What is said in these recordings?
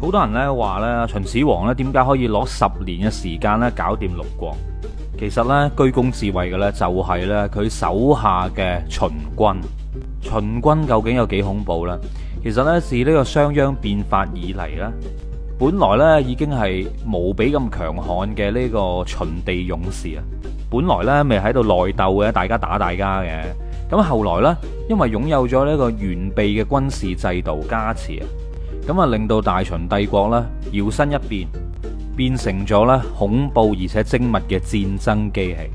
好多人咧話咧秦始皇咧點解可以攞十年嘅時間咧搞掂六國？其實咧居功至偉嘅咧就係咧佢手下嘅秦軍。秦軍究竟有幾恐怖咧？其實咧自呢個商鞅變法以嚟咧，本來咧已經係無比咁強悍嘅呢個秦地勇士啊。本來咧咪喺度內鬥嘅，大家打大家嘅。咁後來咧因為擁有咗呢個完備嘅軍事制度加持啊。咁啊，令到大秦帝國咧，搖身一變，變成咗咧恐怖而且精密嘅戰爭機器。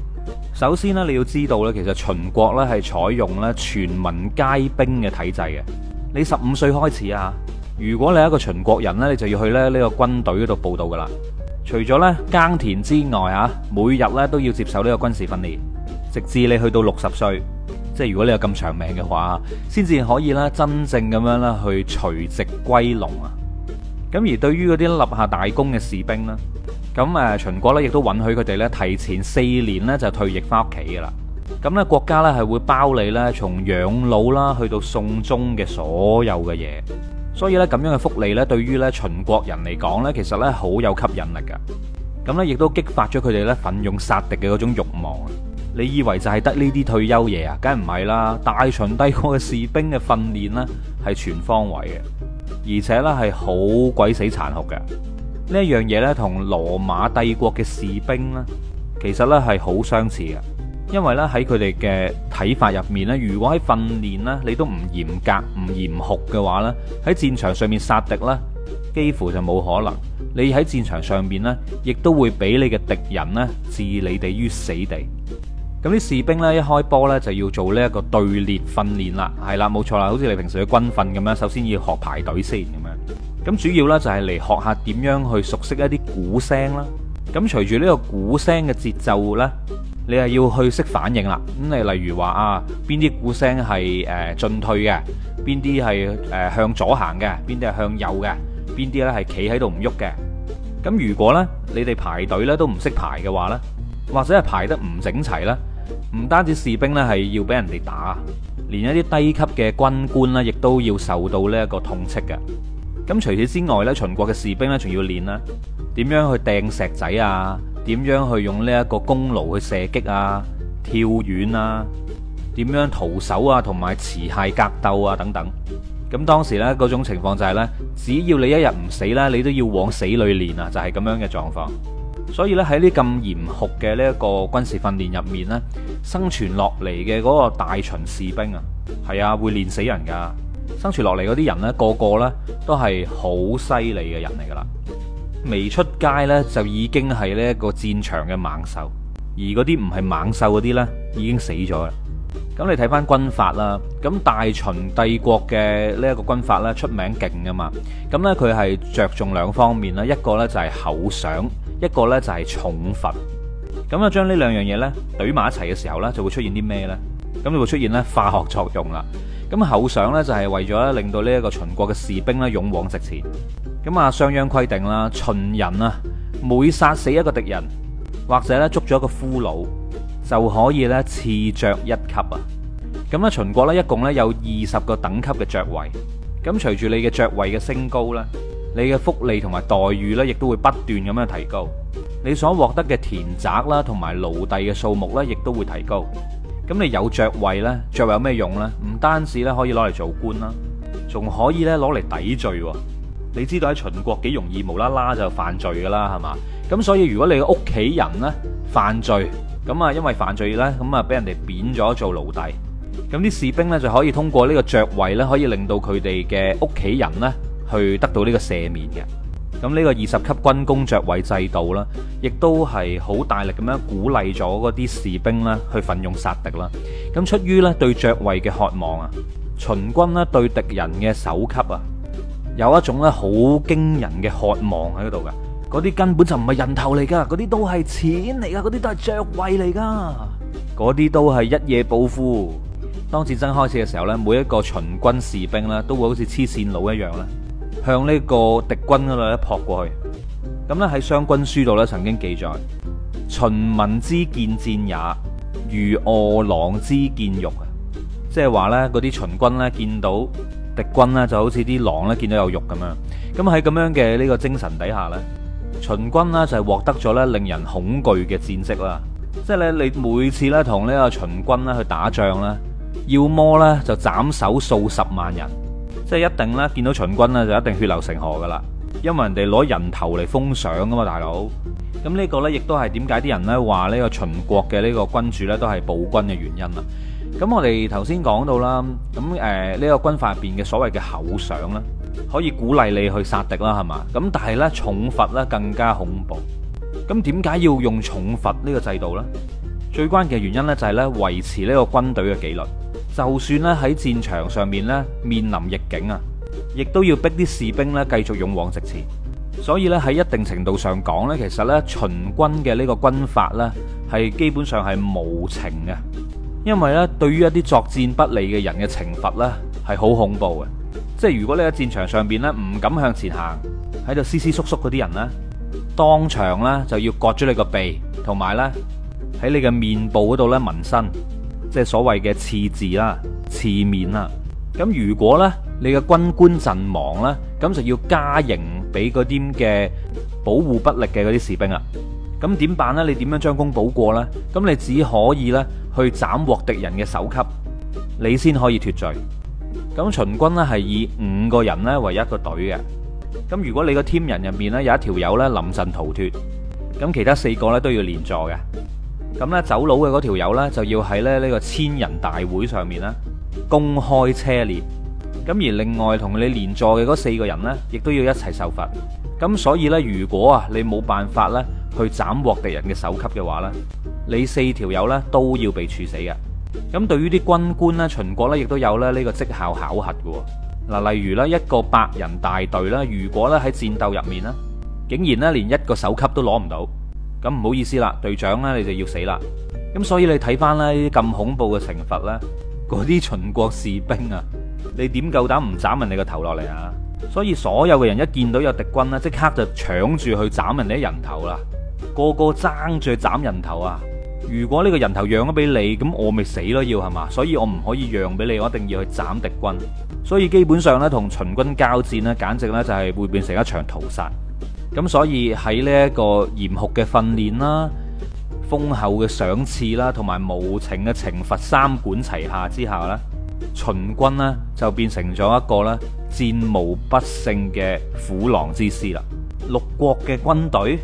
首先呢，你要知道咧，其實秦國咧係採用咧全民皆兵嘅體制嘅。你十五歲開始啊，如果你係一個秦國人咧，你就要去咧呢個軍隊嗰度報到噶啦。除咗咧耕田之外，啊，每日咧都要接受呢個軍事訓練，直至你去到六十歲。即係如果你有咁長命嘅話，先至可以咧真正咁樣咧去隨直歸農啊！咁而對於嗰啲立下大功嘅士兵咧，咁誒秦國咧亦都允許佢哋咧提前四年咧就退役返屋企噶啦。咁咧國家咧係會包你咧從養老啦，去到送終嘅所有嘅嘢。所以咧咁樣嘅福利咧，對於咧秦國人嚟講咧，其實咧好有吸引力噶。咁咧亦都激發咗佢哋咧奮勇殺敵嘅嗰種慾望啊！你以為就係得呢啲退休嘢啊？梗係唔係啦！大秦帝國嘅士兵嘅訓練呢，係全方位嘅，而且呢係好鬼死殘酷嘅呢一樣嘢呢，同羅馬帝國嘅士兵呢，其實呢係好相似嘅。因為呢，喺佢哋嘅睇法入面呢，如果喺訓練呢，你都唔嚴格唔嚴酷嘅話呢，喺戰場上面殺敵呢，幾乎就冇可能。你喺戰場上面呢，亦都會俾你嘅敵人呢，置你哋於死地。咁啲士兵呢，一開波呢，就要做呢一個隊列訓練啦，係啦，冇錯啦，好似你平時嘅軍訓咁樣，首先要學排隊先咁樣。咁主要呢，就係嚟學下點樣去熟悉一啲鼓聲啦。咁隨住呢個鼓聲嘅節奏呢，你係要去識反應啦。咁你例如話啊，邊啲鼓聲係誒進退嘅，邊啲係誒向左行嘅，邊啲係向右嘅，邊啲呢係企喺度唔喐嘅。咁如果呢，你哋排隊呢都唔識排嘅話呢，或者係排得唔整齊呢。唔單止士兵咧係要俾人哋打，連一啲低級嘅軍官咧，亦都要受到呢一個痛斥嘅。咁除此之外呢，秦國嘅士兵呢仲要練啦，點樣去掟石仔啊？點樣去用呢一個弓弩去射擊啊？跳遠呀、點樣徒手啊？同埋持械格鬥啊？等等。咁當時呢，嗰種情況就係、是、呢只要你一日唔死啦，你都要往死裏練啊！就係、是、咁樣嘅狀況。所以咧喺，呢咁嚴酷嘅呢一個軍事訓練入面呢，生存落嚟嘅嗰個大秦士兵啊，係啊，會練死人噶，生存落嚟嗰啲人呢，個個呢都係好犀利嘅人嚟噶啦。未出街呢，就已經係呢一個戰場嘅猛獸，而嗰啲唔係猛獸嗰啲呢，已經死咗啦。咁你睇翻軍法啦，咁大秦帝國嘅呢一個軍法呢，出名勁噶嘛，咁呢，佢係着重兩方面啦，一個呢就係口想。一個呢就係重罰，咁啊將呢兩樣嘢呢，懟埋一齊嘅時候呢，就會出現啲咩呢？咁就會出現呢化學作用啦。咁後想呢，就係為咗令到呢一個秦國嘅士兵呢勇往直前。咁啊商鞅規定啦，秦人啊每殺死一個敵人或者呢捉咗一個俘虜，就可以呢賜爵一級啊。咁呢，秦國呢，一共呢有二十個等級嘅爵位。咁隨住你嘅爵位嘅升高呢。你嘅福利同埋待遇呢，亦都會不斷咁樣提高。你所獲得嘅田宅啦，同埋奴隸嘅數目呢，亦都會提高。咁你有爵位呢，爵位有咩用呢？唔單止呢，可以攞嚟做官啦，仲可以呢，攞嚟抵罪。你知道喺秦國幾容易無啦啦就犯罪噶啦，係嘛？咁所以如果你嘅屋企人呢，犯罪，咁啊因為犯罪呢，咁啊俾人哋貶咗做奴隸，咁啲士兵呢，就可以通過呢個爵位呢，可以令到佢哋嘅屋企人呢。去得到呢個赦免嘅。咁呢個二十級軍功爵位制度啦，亦都係好大力咁樣鼓勵咗嗰啲士兵啦，去奮勇殺敵啦。咁出於呢對爵位嘅渴望啊，秦軍呢對敵人嘅首級啊，有一種好驚人嘅渴望喺度噶。嗰啲根本就唔係人頭嚟噶，嗰啲都係錢嚟噶，嗰啲都係爵位嚟噶，嗰啲都係一夜暴富。當戰爭開始嘅時候呢，每一個秦軍士兵咧都會好似黐線佬一樣啦。向呢個敵軍嗰度咧撲過去，咁咧喺《商君書》度咧曾經記載：秦民之見戰也，如餓狼之見肉啊！即係話咧，嗰啲秦軍咧見到敵軍咧，就好似啲狼咧見到有肉咁樣。咁喺咁樣嘅呢個精神底下咧，秦軍呢，就係獲得咗咧令人恐懼嘅戰績啦。即係咧，你每次咧同呢個秦軍咧去打仗咧，要麼咧就斬首數十萬人。即係一定咧，見到秦軍咧就一定血流成河噶啦，因為人哋攞人頭嚟封賞噶嘛，大佬。咁呢個呢亦都係點解啲人呢話呢個秦國嘅呢個君主呢都係暴君嘅原因啦。咁我哋頭先講到啦，咁誒呢個軍法入邊嘅所謂嘅厚賞啦，可以鼓勵你去殺敵啦，係嘛。咁但係呢重罰呢更加恐怖。咁點解要用重罰呢個制度呢？最關鍵嘅原因呢就係呢維持呢個軍隊嘅紀律。就算咧喺戰場上面咧面臨逆境啊，亦都要逼啲士兵咧繼續勇往直前。所以咧喺一定程度上講咧，其實咧秦軍嘅呢個軍法咧係基本上係無情嘅，因為咧對於一啲作戰不利嘅人嘅懲罰咧係好恐怖嘅。即係如果你喺戰場上面咧唔敢向前行，喺度斯斯縮縮嗰啲人咧，當場咧就要割咗你個鼻，同埋咧喺你嘅面部嗰度咧紋身。即係所謂嘅刺字啦、刺面啦，咁如果呢，你嘅軍官陣亡呢，咁就要加刑俾嗰啲嘅保護不力嘅嗰啲士兵啊，咁點辦呢？你點樣將功補過呢？咁你只可以呢，去斬獲敵人嘅首級，你先可以脫罪。咁秦軍呢，係以五個人呢為一個隊嘅，咁如果你個 team 人入面呢，有一條友呢臨陣逃脫，咁其他四個呢都要連坐嘅。咁咧，走佬嘅嗰條友呢，就要喺咧呢個千人大會上面咧公開車裂，咁而另外同你連坐嘅嗰四個人呢，亦都要一齊受罰。咁所以呢，如果啊你冇辦法呢去斬獲敵人嘅首級嘅話呢，你四條友呢都要被處死嘅。咁對於啲軍官呢，秦國呢，亦都有咧呢個績效考核嘅。嗱，例如呢，一個百人大隊呢，如果咧喺戰鬥入面呢，竟然呢連一個首級都攞唔到。咁唔好意思啦，隊長呢，你就要死啦。咁所以你睇翻呢啲咁恐怖嘅懲罰呢，嗰啲秦國士兵啊，你點夠膽唔斬人哋個頭落嚟啊？所以所有嘅人一見到有敵軍呢，即刻就搶住去斬人哋人頭啦，個個爭住斬人頭啊！如果呢個人頭讓咗俾你，咁我咪死咯要係嘛？所以我唔可以讓俾你，我一定要去斬敵軍。所以基本上呢，同秦軍交戰呢，簡直呢，就係會變成一場屠殺。咁所以喺呢一個嚴酷嘅訓練啦、豐厚嘅賞賜啦，同埋無情嘅懲罰三管齊下之下呢，秦軍呢就變成咗一個咧戰無不勝嘅虎狼之師啦。六國嘅軍隊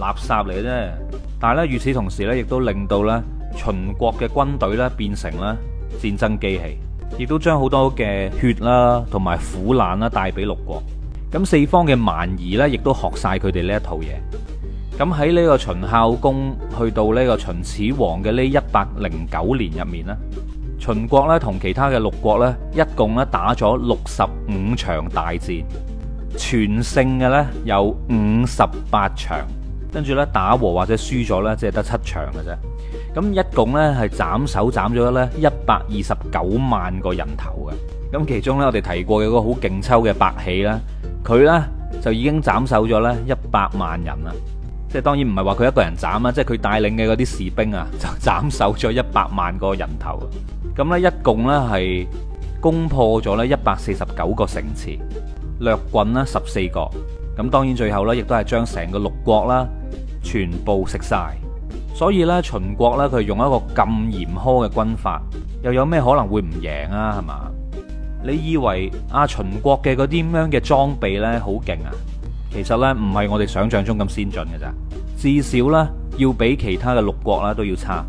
垃圾嚟啫，但係咧，與此同時咧，亦都令到咧秦國嘅軍隊咧變成啦戰爭機器，亦都將好多嘅血啦同埋苦難啦帶俾六國。咁四方嘅蠻夷咧，亦都學晒佢哋呢一套嘢。咁喺呢個秦孝公去到呢個秦始皇嘅呢一百零九年入面呢，秦國咧同其他嘅六國呢，一共咧打咗六十五場大戰，全勝嘅呢有五十八場，跟住呢打和或者輸咗呢，即係得七場嘅啫。咁一共呢，係斬首斬咗呢一百二十九萬個人頭嘅。咁其中呢，我哋提過有個好勁抽嘅白起呢。佢呢，就已經斬首咗咧一百萬人啦，即係當然唔係話佢一個人斬，即係佢帶領嘅嗰啲士兵啊就斬首咗一百萬個人頭，咁呢，一共呢，係攻破咗呢一百四十九個城池，掠郡呢十四個，咁當然最後呢，亦都係將成個六國啦全部食晒。所以呢，秦國呢，佢用一個咁嚴苛嘅軍法，又有咩可能會唔贏啊？係嘛？你以為阿秦國嘅嗰啲咁樣嘅裝備咧，好勁啊？其實呢，唔係我哋想象中咁先進嘅咋。至少呢，要比其他嘅六國啦都要差。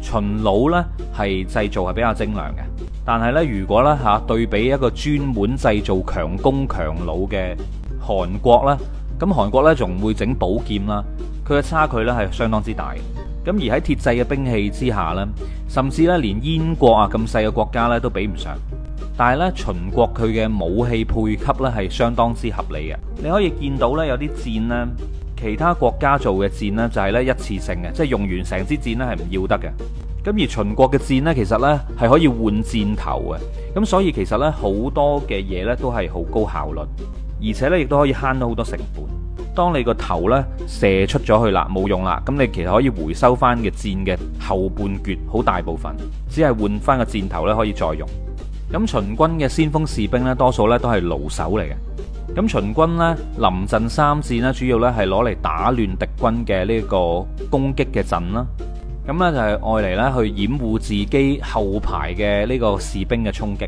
秦弩呢係製造係比較精良嘅，但係呢，如果呢，嚇對比一個專門製造強攻強弩嘅韓國咧，咁韓國呢仲會整寶劍啦，佢嘅差距呢係相當之大。咁而喺鐵製嘅兵器之下呢，甚至呢，連燕國啊咁細嘅國家呢都比唔上。但係咧，秦國佢嘅武器配給咧係相當之合理嘅。你可以見到咧，有啲箭呢，其他國家做嘅箭呢就係咧一次性嘅，即係用完成支箭咧係唔要得嘅。咁而秦國嘅箭呢，其實呢係可以換箭頭嘅。咁所以其實呢，好多嘅嘢呢都係好高效率，而且呢亦都可以慳到好多成本。當你個頭呢射出咗去啦，冇用啦，咁你其實可以回收翻嘅箭嘅後半橛，好大部分，只係換翻個箭頭呢可以再用。咁秦軍嘅先鋒士兵呢，多數呢都係弩手嚟嘅。咁秦軍呢臨陣三戰呢，主要呢係攞嚟打亂敵軍嘅呢個攻擊嘅陣啦。咁咧就係愛嚟咧去掩護自己後排嘅呢個士兵嘅衝擊。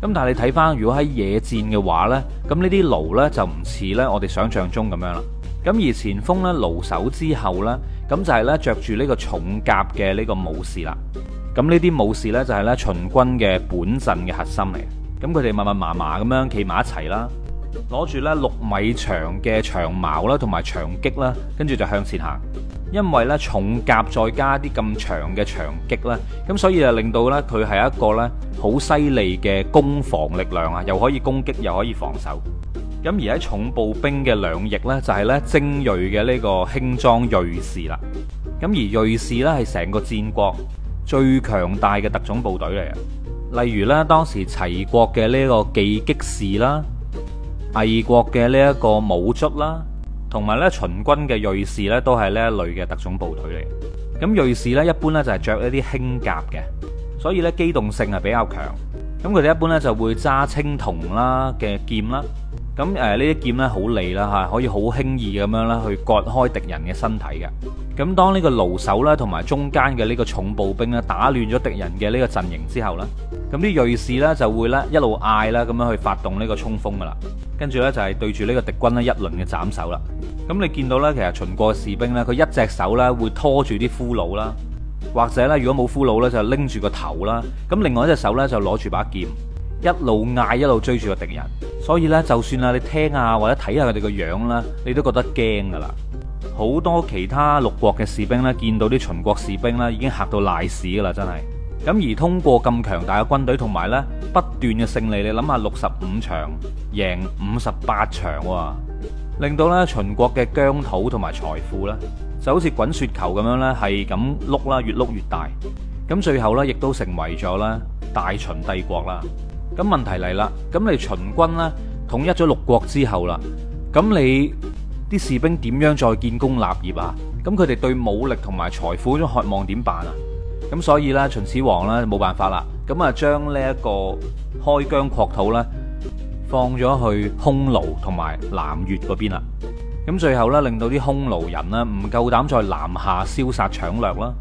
咁但係你睇翻，如果喺野戰嘅話呢，咁呢啲弩呢就唔似呢我哋想象中咁樣啦。咁而前鋒呢，弩手之後呢，咁就係呢着住呢個重甲嘅呢個武士啦。咁呢啲武士呢，就係呢秦軍嘅本陣嘅核心嚟。咁佢哋密密麻麻咁樣企埋一齊啦，攞住呢六米長嘅長矛啦，同埋長戟啦，跟住就向前行。因為呢重甲再加啲咁長嘅長戟啦，咁所以就令到呢佢係一個呢好犀利嘅攻防力量啊，又可以攻擊又可以防守。咁而喺重步兵嘅兩翼呢，就係呢精銳嘅呢個輕裝銳士啦。咁而銳士呢，係成個戰國。最強大嘅特種部隊嚟啊！例如呢，當時齊國嘅呢個技擊士啦，魏國嘅呢一個武卒啦，同埋呢秦軍嘅銳士呢，都係呢一類嘅特種部隊嚟。咁銳士呢，一般呢就係着一啲輕甲嘅，所以呢機動性係比較強。咁佢哋一般呢就會揸青銅啦嘅劍啦。咁誒呢啲劍呢好利啦嚇，可以好輕易咁樣咧去割開敵人嘅身體嘅。咁當呢個弩手咧同埋中間嘅呢個重步兵咧打亂咗敵人嘅呢個陣營之後咧，咁啲銳士呢就會咧一路嗌啦咁樣去發動呢個衝鋒噶啦。跟住呢就係對住呢個敵軍呢一輪嘅斬首啦。咁你見到咧其實秦國嘅士兵呢，佢一隻手呢會拖住啲俘虜啦，或者呢如果冇俘虜呢就拎住個頭啦。咁另外一隻手呢就攞住把劍。一路嗌，一路追住個敵人，所以呢，就算啊，你聽啊，或者睇下佢哋個樣啦，你都覺得驚噶啦。好多其他六國嘅士兵呢，見到啲秦國士兵呢已經吓到賴屎噶啦，真係咁。而通過咁強大嘅軍隊同埋呢不斷嘅勝利，你諗下六十五場贏五十八場，令到呢秦國嘅疆土同埋財富呢就好似滾雪球咁樣呢，係咁碌啦，越碌越大。咁最後呢，亦都成為咗呢大秦帝國啦。咁問題嚟啦，咁你秦軍咧統一咗六國之後啦，咁你啲士兵點樣再建功立業啊？咁佢哋對武力同埋財富嗰種渴望點辦啊？咁所以呢，秦始皇呢冇辦法啦，咁啊將呢一個開疆擴土呢放咗去匈奴同埋南越嗰邊啦。咁最後呢，令到啲匈奴人呢唔夠膽再南下燒殺搶掠啦，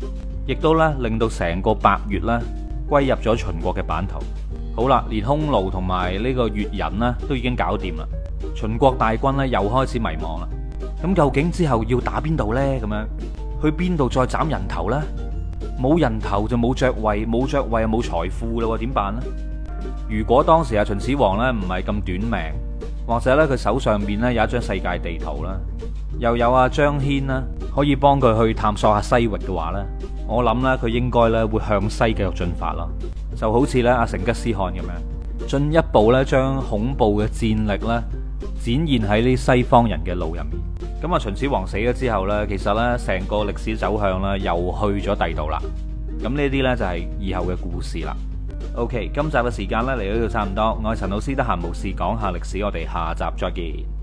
亦都呢令到成個百越呢歸入咗秦國嘅版圖。好啦，連匈奴同埋呢個越人呢，都已經搞掂啦。秦國大軍呢，又開始迷茫啦。咁究竟之後要打邊度呢？咁樣去邊度再斬人頭呢？冇人頭就冇爵位，冇爵位又冇財富咯。點辦呢？如果當時啊秦始皇呢，唔係咁短命，或者呢，佢手上邊呢，有一張世界地圖啦，又有阿張騫啦可以幫佢去探索下西域嘅話呢，我諗呢，佢應該呢，會向西繼續進發咯。就好似咧阿成吉思汗咁樣，進一步咧將恐怖嘅戰力咧展現喺呢西方人嘅腦入面。咁啊秦始皇死咗之後呢，其實呢成個歷史走向呢又去咗第度啦。咁呢啲呢，就係以後嘅故事啦。OK，今集嘅時間咧嚟到呢度差唔多，我係陳老師，得閒無事講下歷史，我哋下集再見。